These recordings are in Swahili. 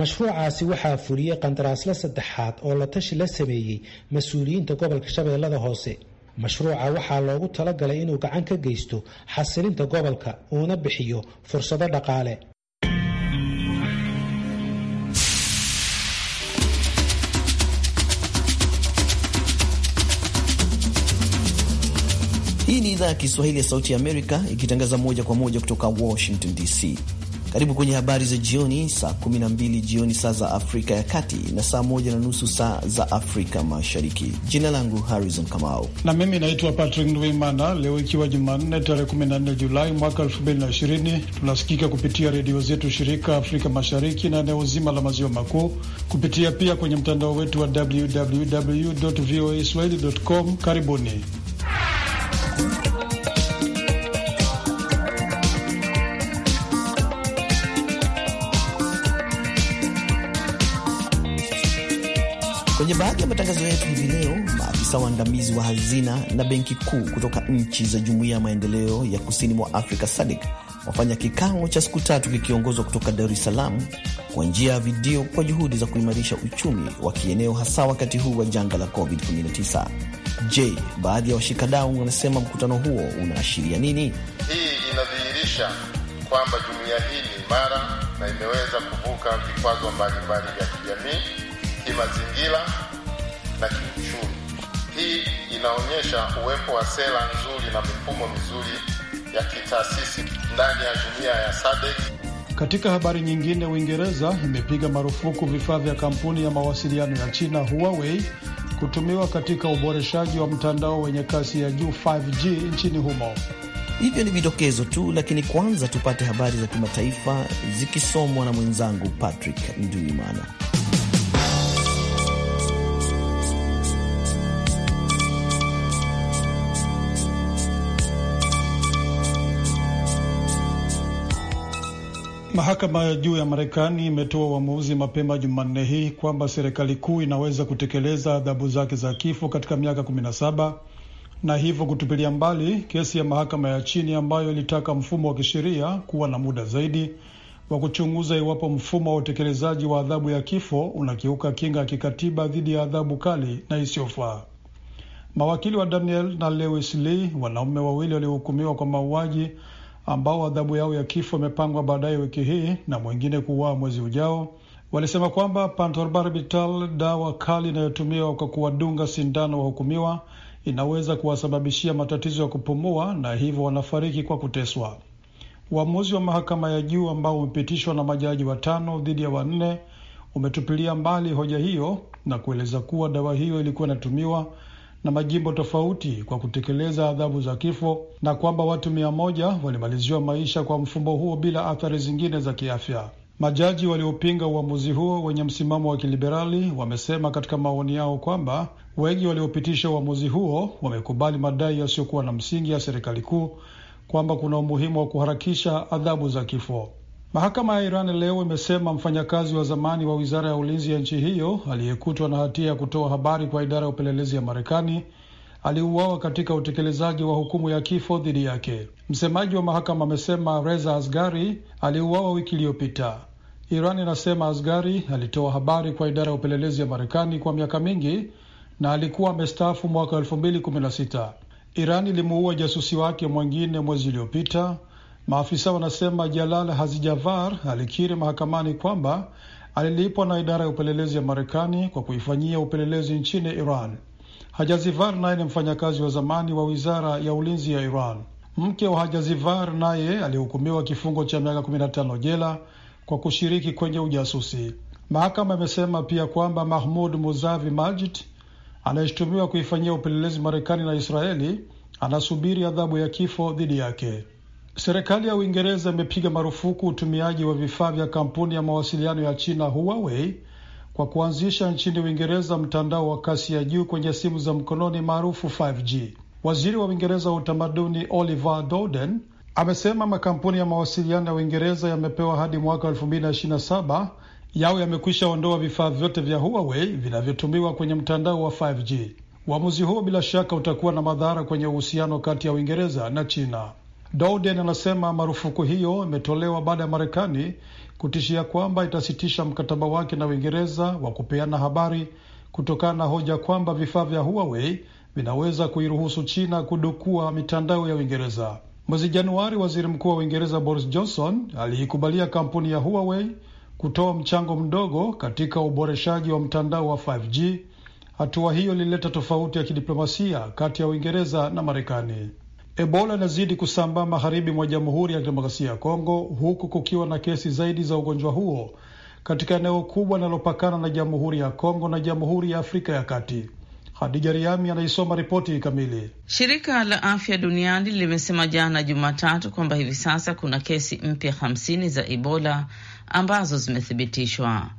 mashruucaasi waxaa fuliyey qandaraasla saddexaad oo la tashi la sameeyey mas-uuliyiinta gobolka shabeellada hoose mashruuca waxaa loogu talagalay inuu gacan ka geysto xasilinta gobolka uuna bixiyo fursado dhaqaale Hii ni idhaa ya Kiswahili ya Sauti ya Amerika ikitangaza moja kwa moja kutoka Washington DC. Karibu kwenye habari za jioni, saa 12 jioni saa za Afrika ya Kati na saa moja na nusu saa za Afrika Mashariki. Jina langu Harrison Kamau na mimi naitwa Patrick Ndwimana. Leo ikiwa Jumanne tarehe 14 Julai mwaka 2020, tunasikika kupitia redio zetu shirika Afrika Mashariki na eneo zima la maziwa makuu, kupitia pia kwenye mtandao wetu wa www voa swahili com. Karibuni Kwenye baadhi ya matangazo yetu hivi leo, maafisa waandamizi wa hazina na benki kuu kutoka nchi za jumuiya ya maendeleo ya kusini mwa Afrika SADC wafanya kikao cha siku tatu kikiongozwa kutoka Dar es Salaam kwa njia ya video kwa juhudi za kuimarisha uchumi wa kieneo hasa wakati huu wa janga la COVID-19. Je, baadhi ya washikadau wanasema mkutano huo unaashiria nini? Hii inadhihirisha kwamba jumuiya hii ni imara na imeweza kuvuka vikwazo mbalimbali vya kijamii kimazingira na kiuchumi. Hii inaonyesha uwepo wa sera nzuri na mifumo mizuri ya kitaasisi ndani ya jumuiya ya SADC. Katika habari nyingine, Uingereza imepiga marufuku vifaa vya kampuni ya mawasiliano ya China Huawei kutumiwa katika uboreshaji wa mtandao wenye kasi ya juu 5G nchini humo. Hivyo ni vidokezo tu, lakini kwanza tupate habari za kimataifa zikisomwa na mwenzangu Patrick Nduimana. Mahakama ya juu ya Marekani imetoa uamuzi mapema Jumanne hii kwamba serikali kuu inaweza kutekeleza adhabu zake za kifo katika miaka 17 na hivyo kutupilia mbali kesi ya mahakama ya chini ambayo ilitaka mfumo wa kisheria kuwa na muda zaidi wa kuchunguza iwapo mfumo wa utekelezaji wa adhabu ya kifo unakiuka kinga ya kikatiba dhidi ya adhabu kali na isiyofaa. Mawakili wa Daniel na Lewis Lee, wanaume wawili waliohukumiwa kwa mauaji ambao adhabu yao ya kifo imepangwa baadaye wiki hii na mwingine kuuawa mwezi ujao, walisema kwamba pentobarbital, dawa kali inayotumiwa kwa kuwadunga sindano wahukumiwa, inaweza kuwasababishia matatizo ya kupumua na hivyo wanafariki kwa kuteswa. Uamuzi wa mahakama ya juu ambao umepitishwa na majaji watano dhidi ya wanne umetupilia mbali hoja hiyo na kueleza kuwa dawa hiyo ilikuwa inatumiwa na majimbo tofauti kwa kutekeleza adhabu za kifo na kwamba watu mia moja walimaliziwa maisha kwa mfumo huo bila athari zingine za kiafya. Majaji waliopinga uamuzi huo wenye msimamo wa kiliberali wamesema katika maoni yao kwamba wengi waliopitisha uamuzi huo wamekubali madai yasiyokuwa na msingi ya serikali kuu kwamba kuna umuhimu wa kuharakisha adhabu za kifo. Mahakama ya Iran leo imesema mfanyakazi wa zamani wa wizara ya ulinzi ya nchi hiyo aliyekutwa na hatia ya kutoa habari kwa idara ya upelelezi ya Marekani aliuawa katika utekelezaji wa hukumu ya kifo dhidi yake. Msemaji wa mahakama amesema Reza Asgari aliuawa wiki iliyopita. Iran inasema Asgari alitoa habari kwa idara ya upelelezi ya Marekani kwa miaka mingi na alikuwa amestaafu mwaka 2016. Iran ilimuua jasusi wake mwengine mwezi uliopita Maafisa wanasema Jalal Hazijavar alikiri mahakamani kwamba alilipwa na idara ya upelelezi ya Marekani kwa kuifanyia upelelezi nchini Iran. Hajazivar naye ni mfanyakazi wa zamani wa wizara ya ulinzi ya Iran. Mke wa Hajazivar naye alihukumiwa kifungo cha miaka 15 jela kwa kushiriki kwenye ujasusi. Mahakama imesema pia kwamba Mahmud Muzavi Majid anayeshutumiwa kuifanyia upelelezi Marekani na Israeli anasubiri adhabu ya kifo dhidi yake. Serikali ya Uingereza imepiga marufuku utumiaji wa vifaa vya kampuni ya mawasiliano ya China Huawei kwa kuanzisha nchini Uingereza mtandao wa kasi ya juu kwenye simu za mkononi maarufu 5G. Waziri wa Uingereza wa utamaduni Oliver Dowden amesema makampuni ya mawasiliano ya Uingereza yamepewa hadi mwaka 2027 yao yamekwisha ondoa vifaa vyote vya Huawei vinavyotumiwa kwenye mtandao wa 5G. Uamuzi huo bila shaka utakuwa na madhara kwenye uhusiano kati ya Uingereza na China. Dowden anasema marufuku hiyo imetolewa baada ya Marekani kutishia kwamba itasitisha mkataba wake na Uingereza wa kupeana habari kutokana na hoja kwamba vifaa vya Huawei vinaweza kuiruhusu China kudukua mitandao ya Uingereza. Mwezi Januari, waziri mkuu wa Uingereza Boris Johnson aliikubalia kampuni ya Huawei kutoa mchango mdogo katika uboreshaji wa mtandao wa 5G. Hatua hiyo ilileta tofauti ya kidiplomasia kati ya Uingereza na Marekani. Ebola inazidi kusambaa magharibi mwa Jamhuri ya Kidemokrasia ya Kongo, huku kukiwa na kesi zaidi za ugonjwa huo katika eneo kubwa linalopakana na Jamhuri ya Kongo na Jamhuri ya Afrika ya Kati. Hadija Riami anaisoma ripoti kamili. Shirika la Afya Duniani limesema jana Jumatatu kwamba hivi sasa kuna kesi mpya hamsini za Ebola ambazo zimethibitishwa.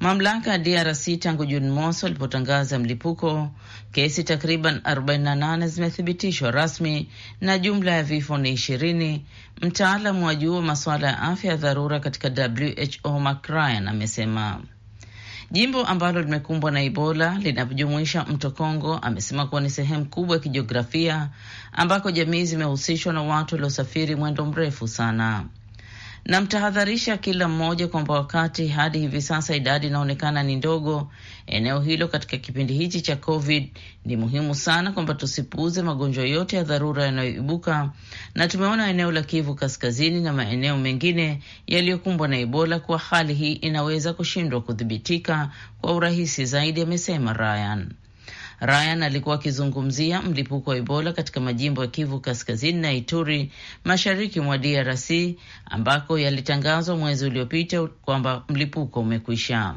Mamlaka ya DRC tangu Juni mosi walipotangaza mlipuko, kesi takriban 48 zimethibitishwa rasmi na jumla ya vifo ni ishirini. Mtaalamu wa juu wa masuala ya afya ya dharura katika WHO Mark Ryan amesema jimbo ambalo limekumbwa na Ebola linajumuisha mto Kongo. Amesema kuwa ni sehemu kubwa ya kijiografia ambako jamii zimehusishwa na watu waliosafiri mwendo mrefu sana. Namtahadharisha kila mmoja kwamba wakati hadi hivi sasa idadi inaonekana ni ndogo eneo hilo katika kipindi hichi cha COVID, ni muhimu sana kwamba tusipuuze magonjwa yote ya dharura yanayoibuka, na tumeona eneo la Kivu Kaskazini na maeneo mengine yaliyokumbwa na Ebola kuwa hali hii inaweza kushindwa kudhibitika kwa urahisi zaidi, amesema Ryan. Ryan alikuwa akizungumzia mlipuko wa Ebola katika majimbo ya Kivu Kaskazini na Ituri, mashariki mwa DRC, ambako yalitangazwa mwezi uliopita kwamba mlipuko umekwisha.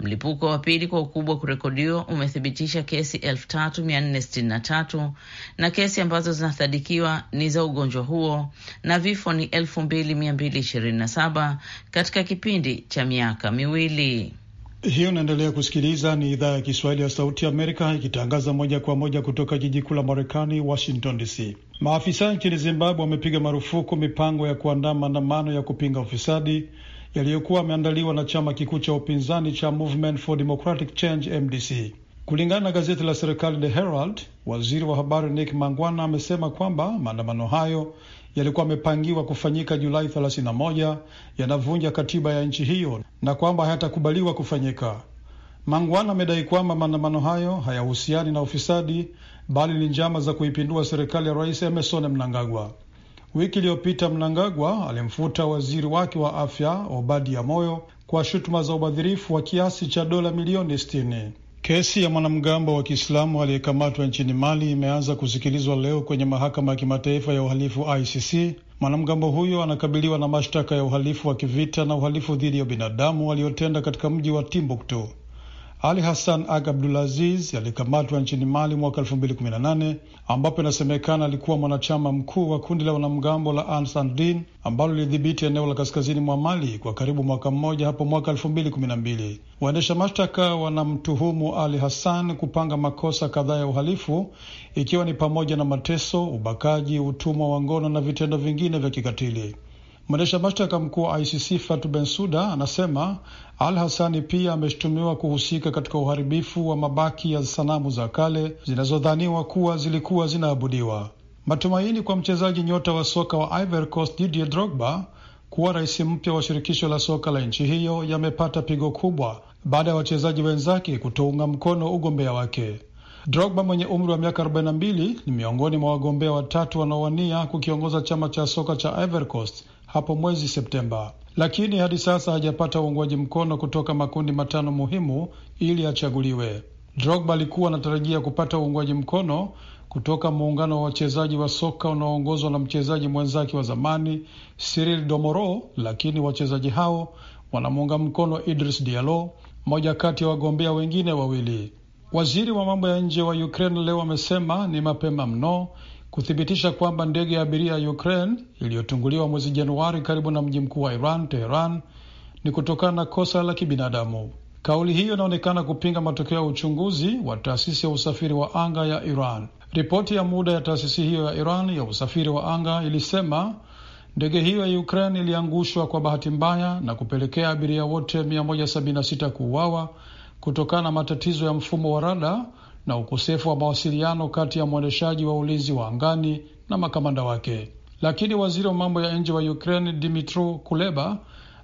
Mlipuko wa pili kwa ukubwa kurekodiwa umethibitisha kesi 3463 na kesi ambazo zinasadikiwa ni za ugonjwa huo na vifo ni 2227 katika kipindi cha miaka miwili. Hiyo unaendelea kusikiliza, ni idhaa ya Kiswahili ya Sauti Amerika ikitangaza moja kwa moja kutoka jiji kuu la Marekani, Washington DC. Maafisa nchini Zimbabwe wamepiga marufuku mipango ya kuandaa maandamano ya kupinga ufisadi yaliyokuwa yameandaliwa na chama kikuu cha upinzani cha Movement for Democratic Change, MDC. Kulingana na gazeti la serikali The Herald, waziri wa habari Nick Mangwana amesema kwamba maandamano hayo yalikuwa yamepangiwa kufanyika Julai 31 yanavunja katiba ya nchi hiyo na kwamba hayatakubaliwa kufanyika. Mangwana amedai kwamba maandamano hayo hayahusiani na ufisadi bali ni njama za kuipindua serikali ya Rais Emerson Mnangagwa. Wiki iliyopita Mnangagwa alimfuta waziri wake wa afya obadi ya Moyo kwa shutuma za ubadhirifu wa kiasi cha dola milioni sitini. Kesi ya mwanamgambo wa Kiislamu aliyekamatwa nchini Mali imeanza kusikilizwa leo kwenye mahakama ya kimataifa ya uhalifu ICC. Mwanamgambo huyo anakabiliwa na mashtaka ya uhalifu wa kivita na uhalifu dhidi ya binadamu aliyotenda katika mji wa Timbuktu. Ali Hassan Ag Abdulaziz alikamatwa nchini Mali mwaka 2018 ambapo inasemekana alikuwa mwanachama mkuu wa kundi la wanamgambo la sandin ambalo lilidhibiti eneo la kaskazini mwa Mali kwa karibu mwaka mmoja hapo mwaka 2012. Waendesha mashtaka wanamtuhumu Ali Hassan kupanga makosa kadhaa ya uhalifu ikiwa ni pamoja na mateso, ubakaji, utumwa wa ngono na vitendo vingine vya kikatili. Mwendesha mashtaka mkuu wa ICC fatu bensuda anasema Al Hasani pia ameshutumiwa kuhusika katika uharibifu wa mabaki ya sanamu za kale zinazodhaniwa kuwa zilikuwa zinaabudiwa. Matumaini kwa mchezaji nyota wa soka wa Ivory Coast Didier Drogba kuwa rais mpya wa shirikisho la soka la nchi hiyo yamepata pigo kubwa baada ya wachezaji wenzake kutounga mkono ugombea wake. Drogba mwenye umri wa miaka 42 ni miongoni mwa wagombea watatu wanaowania kukiongoza chama cha soka cha Ivory Coast hapo mwezi Septemba, lakini hadi sasa hajapata uungwaji mkono kutoka makundi matano muhimu ili achaguliwe. Drogba alikuwa anatarajia kupata uungwaji mkono kutoka muungano wa wachezaji wa soka unaoongozwa na mchezaji mwenzake wa zamani Cyril Domoro, lakini wachezaji hao wanamuunga mkono Idris Diallo, mmoja kati ya wagombea wengine wawili. Waziri wa mambo ya nje wa Ukraine leo amesema ni mapema mno kuthibitisha kwamba ndege ya abiria ya Ukraine iliyotunguliwa mwezi Januari karibu na mji mkuu wa Iran, Teheran, ni kutokana na kosa la kibinadamu. Kauli hiyo inaonekana kupinga matokeo ya uchunguzi wa taasisi ya usafiri wa anga ya Iran. Ripoti ya muda ya taasisi hiyo ya Iran ya usafiri wa anga ilisema ndege hiyo ya Ukraine iliangushwa kwa bahati mbaya na kupelekea abiria wote 176 kuuawa kutokana na matatizo ya mfumo wa rada na ukosefu wa mawasiliano kati ya mwendeshaji wa ulinzi wa angani na makamanda wake. Lakini waziri wa mambo ya nje wa Ukraine Dimitro Kuleba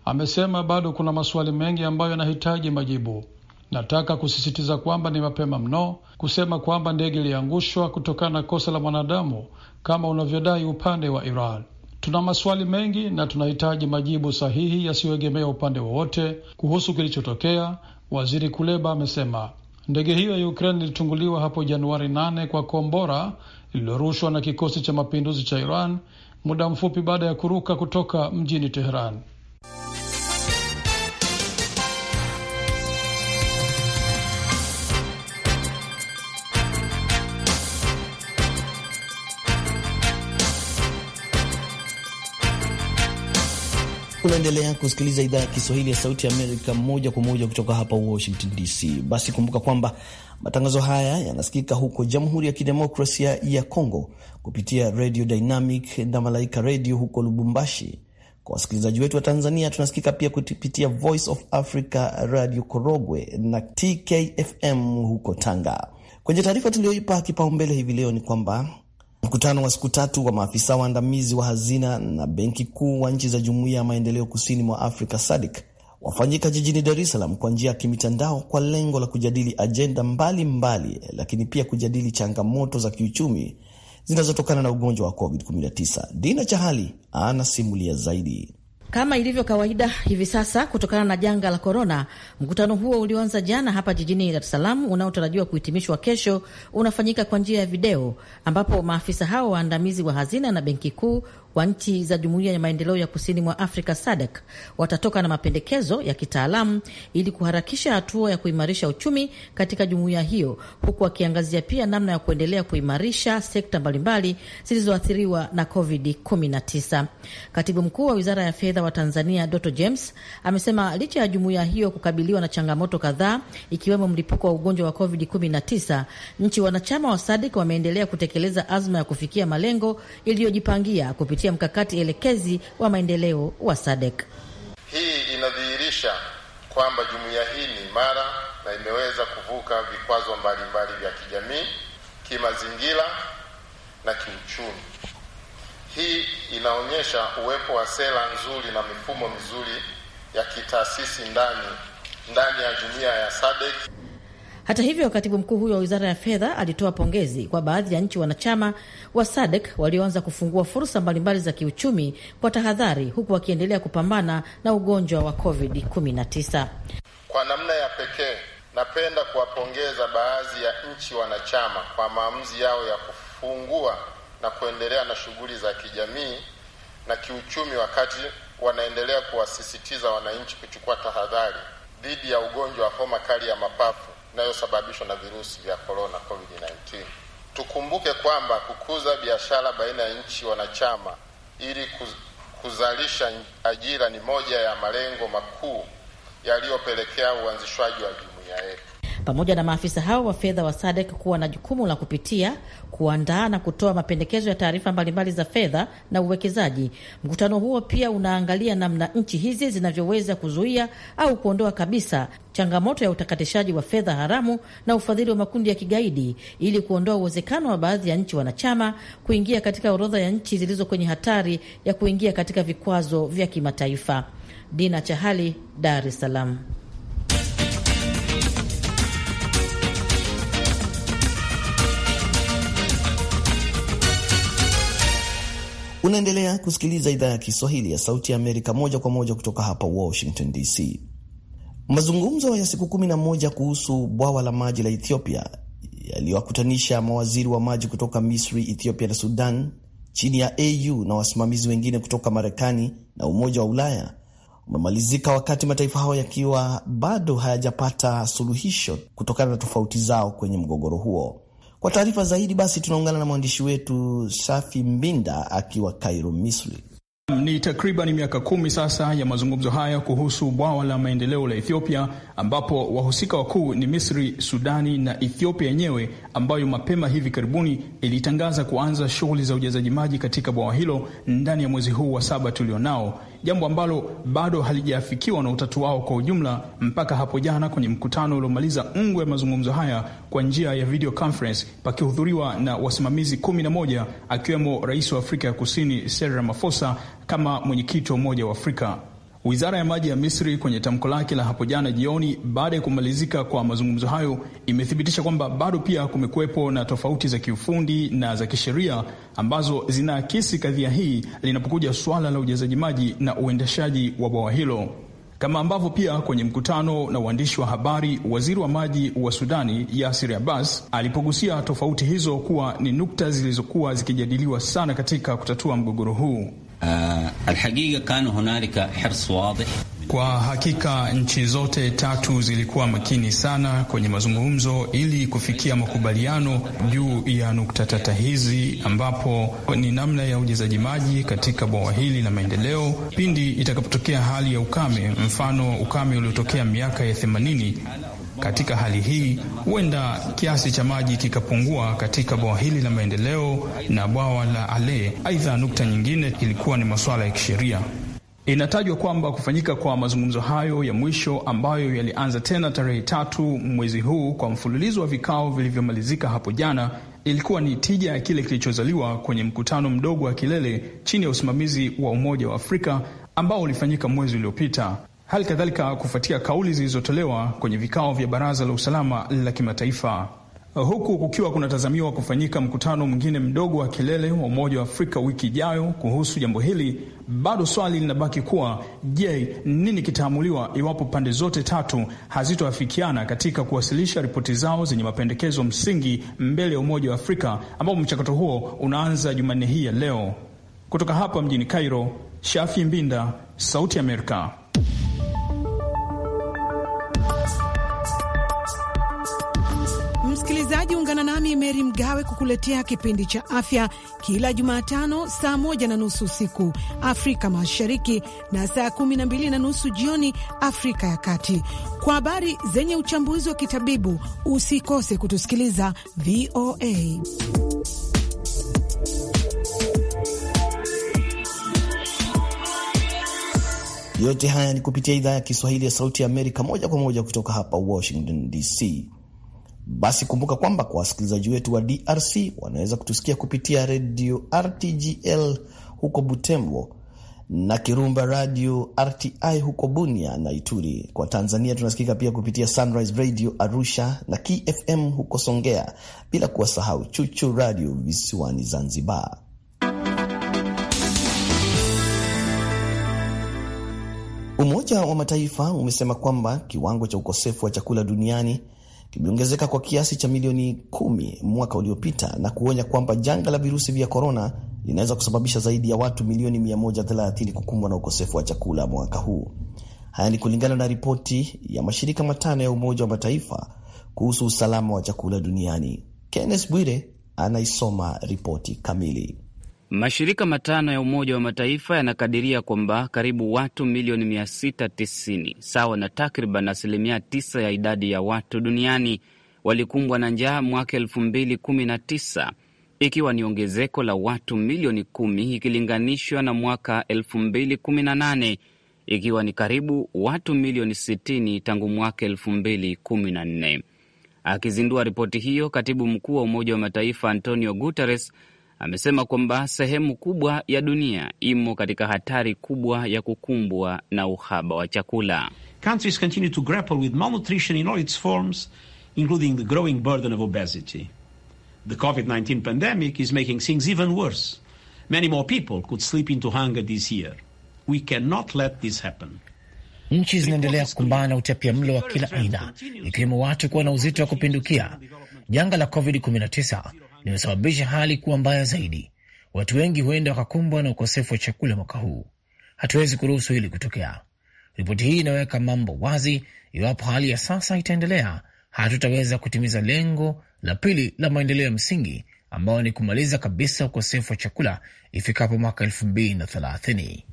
amesema bado kuna maswali mengi ambayo yanahitaji majibu. Nataka kusisitiza kwamba ni mapema mno kusema kwamba ndege iliangushwa kutokana na kosa la mwanadamu kama unavyodai upande wa Iran. Tuna maswali mengi na tunahitaji majibu sahihi yasiyoegemea upande wowote kuhusu kilichotokea, waziri Kuleba amesema. Ndege hiyo ya Ukraine ilitunguliwa hapo Januari 8 kwa kombora lililorushwa na kikosi cha mapinduzi cha Iran muda mfupi baada ya kuruka kutoka mjini Teheran. Unaendelea kusikiliza idhaa ya Kiswahili ya Sauti ya Amerika moja kwa moja kutoka hapa Washington DC. Basi kumbuka kwamba matangazo haya yanasikika huko Jamhuri ya Kidemokrasia ya congo kupitia Radio Dynamic na Malaika Redio huko Lubumbashi. Kwa wasikilizaji wetu wa Tanzania, tunasikika pia kupitia Voice of Africa Radio Korogwe na TKFM huko Tanga. Kwenye taarifa tuliyoipa kipaumbele hivi leo ni kwamba Mkutano wa siku tatu wa maafisa waandamizi wa hazina na benki kuu wa nchi za Jumuiya ya Maendeleo Kusini mwa Afrika SADC wafanyika jijini Dar es Salaam kwa njia ya kimitandao kwa lengo la kujadili ajenda mbalimbali, lakini pia kujadili changamoto za kiuchumi zinazotokana na ugonjwa wa COVID-19. Dina Chahali anasimulia zaidi. Kama ilivyo kawaida hivi sasa kutokana na janga la korona, mkutano huo ulioanza jana hapa jijini Dar es Salaam unaotarajiwa kuhitimishwa kesho unafanyika kwa njia ya video, ambapo maafisa hao waandamizi wa hazina na benki kuu wa nchi za Jumuiya ya Maendeleo ya Kusini mwa Afrika SADC watatoka na mapendekezo ya kitaalamu ili kuharakisha hatua ya kuimarisha uchumi katika jumuiya hiyo, huku wakiangazia pia namna ya kuendelea kuimarisha sekta mbalimbali zilizoathiriwa na COVID-19. Katibu mkuu wa Wizara ya Fedha wa Tanzania Dr. James amesema licha ya jumuiya hiyo kukabiliwa na changamoto kadhaa ikiwemo mlipuko wa ugonjwa wa COVID-19, nchi wanachama wa SADC wameendelea kutekeleza azma ya kufikia malengo iliyojipangia kupitia kupitia mkakati elekezi wa maendeleo wa SADC. Hii inadhihirisha kwamba jumuiya hii ni imara na imeweza kuvuka vikwazo mbalimbali vya kijamii, kimazingira na kiuchumi. Hii inaonyesha uwepo wa sera nzuri na mifumo mizuri ya kitaasisi ndani ndani ya jumuiya ya SADC. Hata hivyo, katibu mkuu huyo wa wizara ya fedha alitoa pongezi kwa baadhi ya nchi wanachama wa SADC walioanza kufungua fursa mbalimbali za kiuchumi kwa tahadhari, huku wakiendelea kupambana na ugonjwa wa COVID-19. Kwa namna ya pekee, napenda kuwapongeza baadhi ya nchi wanachama kwa maamuzi yao ya kufungua na kuendelea na shughuli za kijamii na kiuchumi, wakati wanaendelea kuwasisitiza wananchi kuchukua tahadhari dhidi ya ugonjwa wa homa kali ya mapafu inayosababishwa na virusi vya korona COVID-19. Tukumbuke kwamba kukuza biashara baina ya nchi wanachama ili kuzalisha ajira ni moja ya malengo makuu yaliyopelekea uanzishwaji wa jumuiya yetu pamoja na maafisa hao wa fedha wa SADC kuwa na jukumu la kupitia, kuandaa na kutoa mapendekezo ya taarifa mbalimbali za fedha na uwekezaji. Mkutano huo pia unaangalia namna nchi hizi zinavyoweza kuzuia au kuondoa kabisa changamoto ya utakatishaji wa fedha haramu na ufadhili wa makundi ya kigaidi ili kuondoa uwezekano wa baadhi ya nchi wanachama kuingia katika orodha ya nchi zilizo kwenye hatari ya kuingia katika vikwazo vya kimataifa. Dina Chahali, Dar es Salaam. Unaendelea kusikiliza idhaa ya Kiswahili ya Sauti ya Amerika moja kwa moja kutoka hapa Washington DC. Mazungumzo ya siku kumi na moja kuhusu bwawa la maji la Ethiopia yaliyowakutanisha mawaziri wa maji kutoka Misri, Ethiopia na Sudan chini ya AU na wasimamizi wengine kutoka Marekani na Umoja wa Ulaya umemalizika wakati mataifa hayo yakiwa bado hayajapata suluhisho kutokana na tofauti zao kwenye mgogoro huo. Kwa taarifa zaidi, basi tunaungana na mwandishi wetu Safi Mbinda akiwa Kairo, Misri. Ni takriban miaka kumi sasa ya mazungumzo haya kuhusu bwawa la maendeleo la Ethiopia, ambapo wahusika wakuu ni Misri, Sudani na Ethiopia yenyewe, ambayo mapema hivi karibuni ilitangaza kuanza shughuli za ujazaji maji katika bwawa hilo ndani ya mwezi huu wa saba tulionao jambo ambalo bado halijafikiwa na utatu wao kwa ujumla mpaka hapo jana kwenye mkutano uliomaliza ungwe ya mazungumzo haya kwa njia ya video conference, pakihudhuriwa na wasimamizi kumi na moja akiwemo rais wa Afrika ya Kusini Cyril Ramaphosa kama mwenyekiti wa Umoja wa Afrika. Wizara ya maji ya Misri kwenye tamko lake la hapo jana jioni baada ya kumalizika kwa mazungumzo hayo imethibitisha kwamba bado pia kumekuwepo na tofauti za kiufundi na za kisheria ambazo zinaakisi kadhia hii linapokuja swala la ujazaji maji na uendeshaji wa bwawa hilo. Kama ambavyo pia kwenye mkutano na waandishi wa habari waziri wa maji wa Sudani Yasir Abbas alipogusia tofauti hizo kuwa ni nukta zilizokuwa zikijadiliwa sana katika kutatua mgogoro huu. Uh, Kwa hakika nchi zote tatu zilikuwa makini sana kwenye mazungumzo ili kufikia makubaliano juu ya nukta tata hizi, ambapo ni namna ya ujazaji maji katika bwawa hili la maendeleo pindi itakapotokea hali ya ukame, mfano ukame uliotokea miaka ya themanini katika hali hii, huenda kiasi cha maji kikapungua katika bwawa hili la maendeleo na bwawa la Ale. Aidha, nukta nyingine ilikuwa ni masuala ya kisheria. Inatajwa kwamba kufanyika kwa mazungumzo hayo ya mwisho ambayo yalianza tena tarehe tatu mwezi huu kwa mfululizo wa vikao vilivyomalizika hapo jana ilikuwa ni tija ya kile kilichozaliwa kwenye mkutano mdogo wa kilele chini ya usimamizi wa Umoja wa Afrika ambao ulifanyika mwezi uliopita hali kadhalika kufuatia kauli zilizotolewa kwenye vikao vya Baraza la Usalama la Kimataifa, huku kukiwa kunatazamiwa kufanyika mkutano mwingine mdogo wa kilele wa Umoja wa Afrika wiki ijayo kuhusu jambo hili. Bado swali linabaki kuwa je, nini kitaamuliwa iwapo pande zote tatu hazitoafikiana katika kuwasilisha ripoti zao zenye mapendekezo msingi mbele ya Umoja wa Afrika, ambapo mchakato huo unaanza Jumanne hii ya leo. Kutoka hapa mjini Cairo, Shafi Mbinda, Sauti Amerika. Msikilizaji, ungana nami Meri Mgawe kukuletea kipindi cha afya kila Jumatano saa moja na nusu usiku Afrika Mashariki na saa kumi na mbili na nusu jioni Afrika ya Kati, kwa habari zenye uchambuzi wa kitabibu. Usikose kutusikiliza VOA. Yote haya ni kupitia idhaa ya Kiswahili ya Sauti ya Amerika, moja kwa moja kutoka hapa Washington DC. Basi kumbuka kwamba kwa wasikilizaji wetu wa DRC wanaweza kutusikia kupitia redio RTGL huko Butembo na Kirumba Radio RTI huko Bunia na Ituri. Kwa Tanzania tunasikika pia kupitia Sunrise Radio Arusha na KFM huko Songea, bila kuwasahau Chuchu Radio visiwani Zanzibar. Umoja wa Mataifa umesema kwamba kiwango cha ukosefu wa chakula duniani kimeongezeka kwa kiasi cha milioni kumi mwaka uliopita na kuonya kwamba janga la virusi vya korona linaweza kusababisha zaidi ya watu milioni 130 kukumbwa na ukosefu wa chakula mwaka huu. Haya ni kulingana na ripoti ya mashirika matano ya Umoja wa Mataifa kuhusu usalama wa chakula duniani. Kenneth Bwire anaisoma ripoti kamili. Mashirika matano ya Umoja wa Mataifa yanakadiria kwamba karibu watu milioni 690 sawa na takriban asilimia 9 ya idadi ya watu duniani walikumbwa na njaa mwaka 2019 ikiwa ni ongezeko la watu milioni 10 ikilinganishwa na mwaka 2018 ikiwa ni karibu watu milioni 60 tangu mwaka 2014. Akizindua ripoti hiyo, katibu mkuu wa Umoja wa Mataifa Antonio Guterres amesema kwamba sehemu kubwa ya dunia imo katika hatari kubwa ya kukumbwa na uhaba wa chakula. Countries continue to grapple with malnutrition in all its forms, including the growing burden of obesity. The COVID-19 pandemic is making things even worse. Many more people could slip into hunger this year. We cannot let this happen. Nchi zinaendelea kukumbana na utapia mlo wa kila aina, ikiwemo watu kuwa na uzito wa kupindukia. Janga la COVID-19 limesababisha hali kuwa mbaya zaidi. Watu wengi huenda wakakumbwa na ukosefu wa chakula mwaka huu. Hatuwezi kuruhusu hili kutokea. Ripoti hii inaweka mambo wazi. Iwapo hali ya sasa itaendelea, hatutaweza kutimiza lengo la pili la maendeleo ya msingi ambayo ni kumaliza kabisa ukosefu wa chakula ifikapo mwaka elfu mbili na thelathini.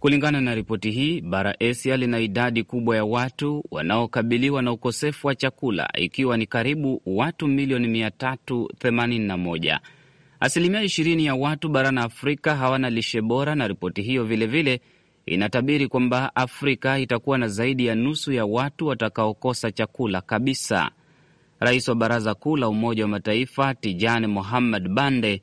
Kulingana na ripoti hii, bara Asia lina idadi kubwa ya watu wanaokabiliwa na ukosefu wa chakula, ikiwa ni karibu watu milioni 381. Asilimia 20 ya watu barani Afrika hawana lishe bora, na ripoti hiyo vilevile vile inatabiri kwamba Afrika itakuwa na zaidi ya nusu ya watu watakaokosa chakula kabisa. Rais wa Baraza Kuu la Umoja wa Mataifa tijani muhammad Bande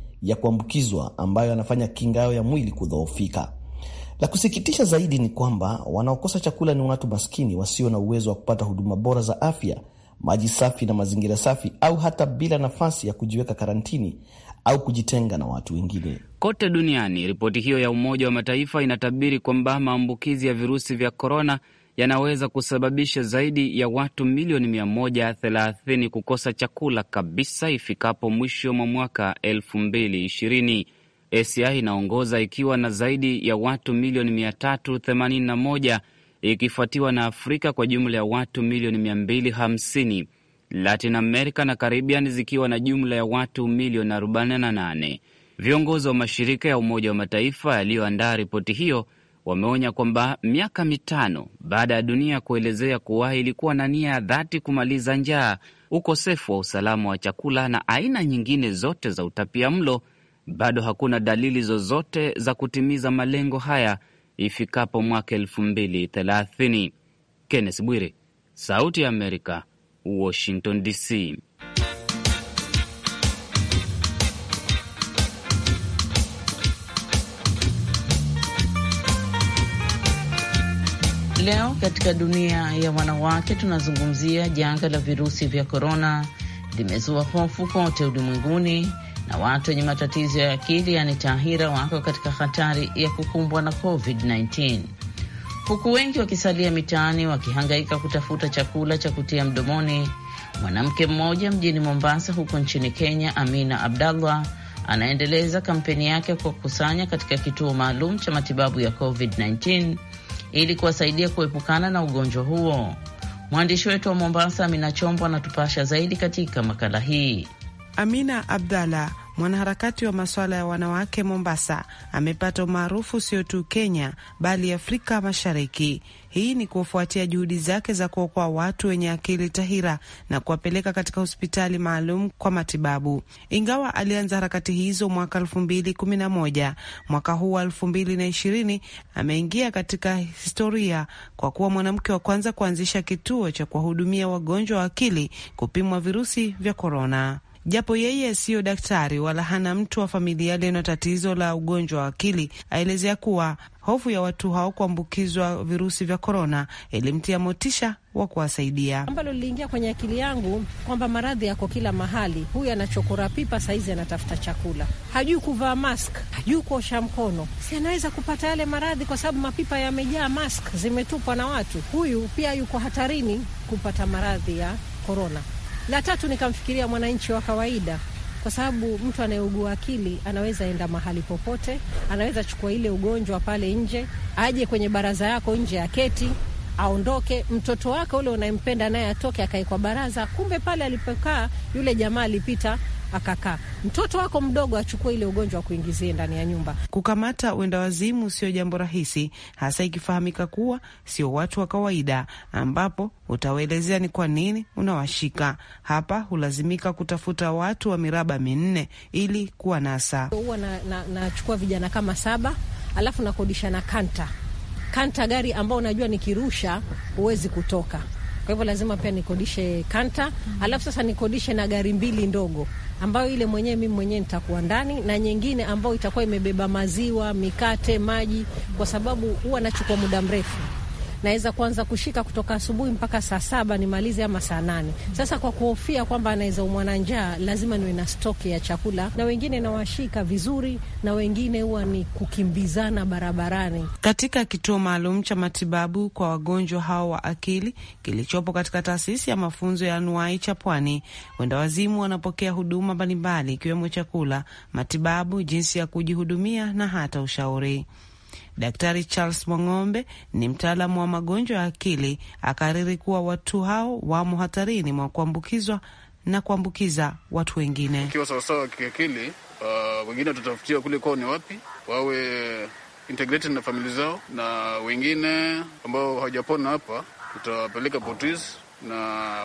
ya kuambukizwa ambayo yanafanya kinga yao ya mwili kudhoofika. La kusikitisha zaidi ni kwamba wanaokosa chakula ni watu maskini wasio na uwezo wa kupata huduma bora za afya, maji safi na mazingira safi, au hata bila nafasi ya kujiweka karantini au kujitenga na watu wengine. Kote duniani, ripoti hiyo ya Umoja wa Mataifa inatabiri kwamba maambukizi ya virusi vya korona yanaweza kusababisha zaidi ya watu milioni 130 kukosa chakula kabisa ifikapo mwisho mwa mwaka 2020. Asia inaongoza ikiwa na zaidi ya watu milioni 381 ikifuatiwa na Afrika kwa jumla ya watu milioni 250, Latin America na Caribbean zikiwa na jumla ya watu milioni 48. Viongozi wa mashirika ya Umoja wa Mataifa yaliyoandaa ripoti hiyo wameonya kwamba miaka mitano baada ya dunia kuelezea kuwa ilikuwa na nia ya dhati kumaliza njaa, ukosefu wa usalama wa chakula na aina nyingine zote za utapia mlo bado hakuna dalili zozote za kutimiza malengo haya ifikapo mwaka elfu mbili thelathini. Kenneth Bwire, Sauti ya Amerika, Washington DC. Leo katika dunia ya wanawake tunazungumzia janga la virusi vya korona. Limezua hofu kote ulimwenguni, na watu wenye matatizo ya akili yaani taahira wako katika hatari ya kukumbwa na COVID-19, huku wengi wakisalia mitaani wakihangaika kutafuta chakula cha kutia mdomoni. Mwanamke mmoja mjini Mombasa huko nchini Kenya, Amina Abdallah anaendeleza kampeni yake kwa kukusanya katika kituo maalum cha matibabu ya COVID-19 ili kuwasaidia kuepukana na ugonjwa huo. Mwandishi wetu wa Mombasa, Amina Chombo, anatupasha zaidi katika makala hii. Amina abdallah mwanaharakati wa masuala ya wanawake Mombasa, amepata umaarufu sio tu Kenya bali Afrika Mashariki. Hii ni kufuatia juhudi zake za kuokoa watu wenye akili tahira na kuwapeleka katika hospitali maalum kwa matibabu. Ingawa alianza harakati hizo mwaka elfu mbili kumi na moja, mwaka huu wa elfu mbili na ishirini ameingia katika historia kwa kuwa mwanamke wa kwanza kuanzisha kituo cha kuwahudumia wagonjwa wa akili kupimwa virusi vya korona. Japo yeye siyo daktari wala hana mtu wa familia aliye na tatizo la ugonjwa wa akili, aelezea kuwa hofu ya watu hao kuambukizwa virusi vya korona ilimtia motisha wa kuwasaidia. Ambalo liliingia kwenye akili yangu kwamba maradhi yako kila mahali. Huyu anachokora pipa, sahizi anatafuta chakula, hajui kuvaa mask, hajui kuosha mkono, si anaweza kupata yale maradhi kwa sababu mapipa yamejaa mask, zimetupwa na watu. Huyu pia yuko hatarini kupata maradhi ya korona. La tatu nikamfikiria mwananchi wa kawaida, kwa sababu mtu anayeugua akili anaweza enda mahali popote, anaweza chukua ile ugonjwa pale nje, aje kwenye baraza yako nje, aketi aondoke. Mtoto wake ule unayempenda naye atoke akae kwa baraza, kumbe pale alipokaa yule jamaa alipita akakaa. Mtoto wako mdogo achukue ile ugonjwa wa kuingizie ndani ya nyumba. Kukamata wenda wazimu sio jambo rahisi, hasa ikifahamika kuwa sio watu wa kawaida, ambapo utawaelezea ni kwa nini unawashika. Hapa hulazimika kutafuta watu wa miraba minne ili kuwa nasa. Huwa nachukua na, na vijana kama saba, alafu nakodisha na kanta kanta gari ambao unajua nikirusha huwezi kutoka kwa hivyo lazima pia nikodishe kanta mm -hmm. Alafu sasa nikodishe na gari mbili ndogo ambayo ile mwenyewe mimi mwenyewe nitakuwa ndani na nyingine ambayo itakuwa imebeba maziwa, mikate, maji, kwa sababu huwa nachukua muda mrefu naweza kuanza kushika kutoka asubuhi mpaka saa saba nimalize ama saa nane. Sasa kwa kuhofia kwamba anaweza umwa na njaa, lazima niwe na stoki ya chakula, na wengine nawashika vizuri, na wengine huwa ni kukimbizana barabarani. Katika kituo maalum cha matibabu kwa wagonjwa hao wa akili kilichopo katika taasisi ya mafunzo ya anuai cha Pwani, wenda wazimu wanapokea huduma mbalimbali ikiwemo chakula, matibabu, jinsi ya kujihudumia na hata ushauri. Daktari Charles Mwang'ombe ni mtaalamu wa magonjwa ya akili, akariri kuwa watu hao wamo hatarini mwa kuambukizwa na kuambukiza watu wengine. Ikiwa sawasawa kiakili, uh, wengine watatafutia kule kwao ni wapi wawe integrated na famili zao, na wengine ambao hawajapona hapa tutawapeleka potis na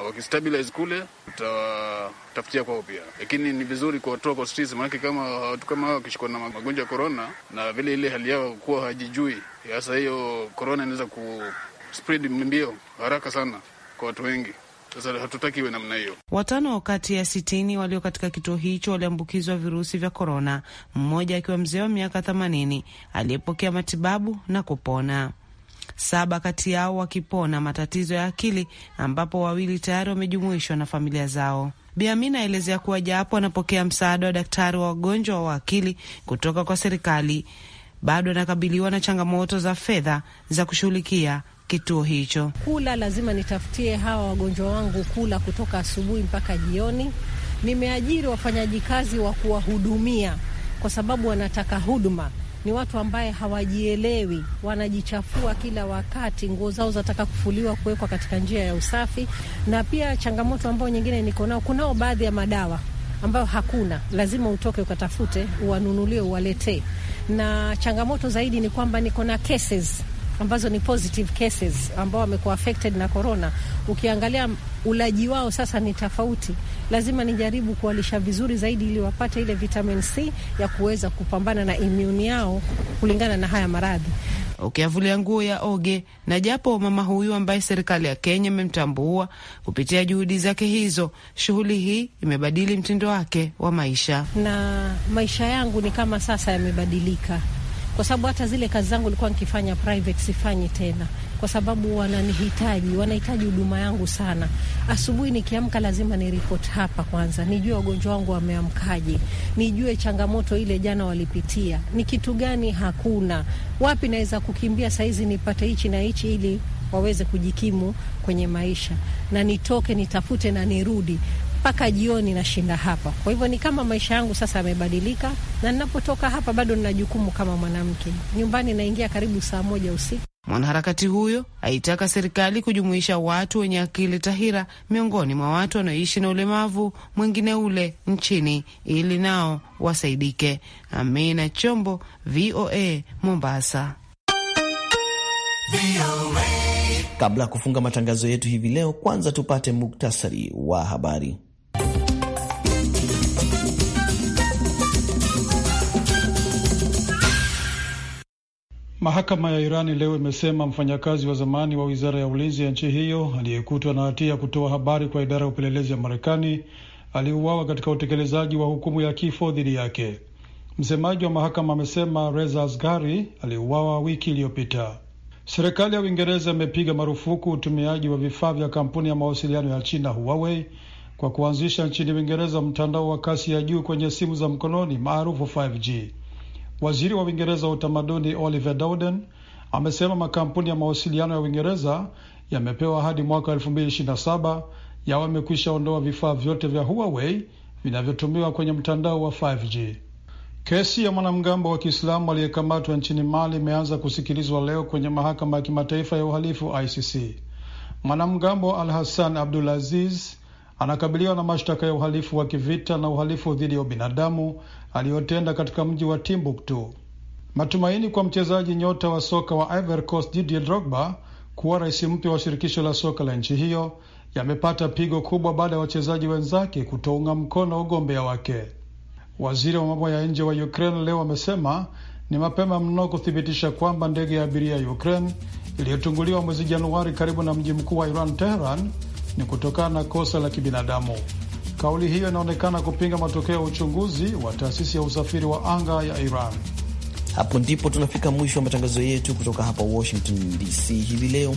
wakistabilize kule tutatafutia kwao pia, lakini ni vizuri kuwatoa kwa stress, maanake kama watu kama hao wakishikwa na magonjwa ya korona na vile ile hali yao kuwa hajijui, sasa hiyo korona inaweza ku spread mbio haraka sana kwa watu wengi. Sasa hatutaki iwe namna hiyo. Watano kati ya sitini walio katika kituo hicho waliambukizwa virusi vya korona, mmoja akiwa mzee wa miaka themanini aliyepokea matibabu na kupona saba kati yao wakipona matatizo ya akili, ambapo wawili tayari wamejumuishwa na familia zao. biamin aelezea kuwa japo anapokea msaada wa daktari wa wagonjwa wa akili kutoka kwa serikali, bado anakabiliwa na changamoto za fedha za kushughulikia kituo hicho. Kula lazima nitafutie hawa wagonjwa wangu kula kutoka asubuhi mpaka jioni. Nimeajiri wafanyaji kazi wa kuwahudumia kwa sababu wanataka huduma ni watu ambaye hawajielewi, wanajichafua kila wakati, nguo zao zataka kufuliwa, kuwekwa katika njia ya usafi. Na pia changamoto ambayo nyingine niko nao, kunao baadhi ya madawa ambayo hakuna, lazima utoke ukatafute, uwanunulie, uwaletee. Na changamoto zaidi ni kwamba niko na cases ambazo ni positive cases ambao wamekuwa affected na corona. Ukiangalia ulaji wao sasa ni tofauti lazima nijaribu kuwalisha vizuri zaidi, ili wapate ile vitamin C ya kuweza kupambana na immune yao kulingana na haya maradhi. Ukiavulia okay, nguo ya oge na japo mama huyu ambaye serikali ya Kenya imemtambua kupitia juhudi zake hizo, shughuli hii imebadili mtindo wake wa maisha, na maisha yangu ni kama sasa yamebadilika, kwa sababu hata zile kazi zangu nilikuwa nikifanya private sifanyi tena kwa sababu wananihitaji, wanahitaji huduma yangu sana. Asubuhi nikiamka, lazima niripoti hapa kwanza, nijue wagonjwa wangu wameamkaje, nijue changamoto ile jana walipitia, ni kitu gani hakuna, wapi naweza kukimbia sahizi nipate hichi na hichi ili waweze kujikimu kwenye maisha, na nitoke nitafute na nirudi mpaka jioni nashinda hapa. Kwa hivyo ni kama maisha yangu sasa yamebadilika, na ninapotoka hapa bado nina jukumu kama mwanamke. Nyumbani naingia karibu saa moja usiku. Mwanaharakati huyo aitaka serikali kujumuisha watu wenye akili tahira miongoni mwa watu wanaoishi na ulemavu mwingine ule nchini ili nao wasaidike. Amina Chombo, VOA Mombasa. Kabla ya kufunga matangazo yetu hivi leo, kwanza tupate muktasari wa habari. Mahakama ya Irani leo imesema mfanyakazi wa zamani wa wizara ya ulinzi ya nchi hiyo aliyekutwa na hatia ya kutoa habari kwa idara ya upelelezi ya Marekani aliuawa katika utekelezaji wa hukumu ya kifo dhidi yake. Msemaji wa mahakama amesema Reza Asgari aliuawa wiki iliyopita. Serikali ya Uingereza imepiga marufuku utumiaji wa vifaa vya kampuni ya mawasiliano ya China Huawei kwa kuanzisha nchini Uingereza mtandao wa kasi ya juu kwenye simu za mkononi maarufu 5G. Waziri wa Uingereza wa utamaduni Oliver Dowden amesema makampuni ya mawasiliano ya Uingereza yamepewa hadi mwaka 2027 yawe amekwisha ondoa vifaa vyote vya Huawei vinavyotumiwa kwenye mtandao wa 5G. Kesi ya mwanamgambo wa Kiislamu aliyekamatwa nchini Mali imeanza kusikilizwa leo kwenye mahakama ya kimataifa ya uhalifu ICC. Mwanamgambo Al Hassan Abdulaziz anakabiliwa na mashtaka ya uhalifu wa kivita na uhalifu dhidi ya ubinadamu aliyotenda katika mji wa Timbuktu. Matumaini kwa mchezaji nyota wa soka wa Ivory Coast Didier Drogba kuwa rais mpya wa shirikisho la soka la nchi hiyo yamepata pigo kubwa baada ya wachezaji wenzake kutounga mkono ugombea wake. Waziri wa mambo ya nje wa Ukraine leo amesema ni mapema mno kuthibitisha kwamba ndege ya abiria ya Ukraine iliyotunguliwa mwezi Januari karibu na mji mkuu wa Iran, Teheran, ni kutokana na kosa la kibinadamu. Kauli hiyo inaonekana kupinga matokeo ya uchunguzi wa taasisi ya usafiri wa anga ya Iran. Hapo ndipo tunafika mwisho wa matangazo yetu kutoka hapa Washington DC hivi leo.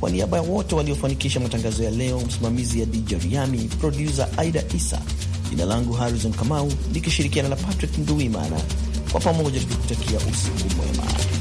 Kwa niaba ya wote waliofanikisha matangazo ya leo, msimamizi ya DJ Riami, produsa Aida Isa, jina langu Harrison Kamau nikishirikiana na Patrick nduimana kwa pamoja tukikutakia usiku mwema.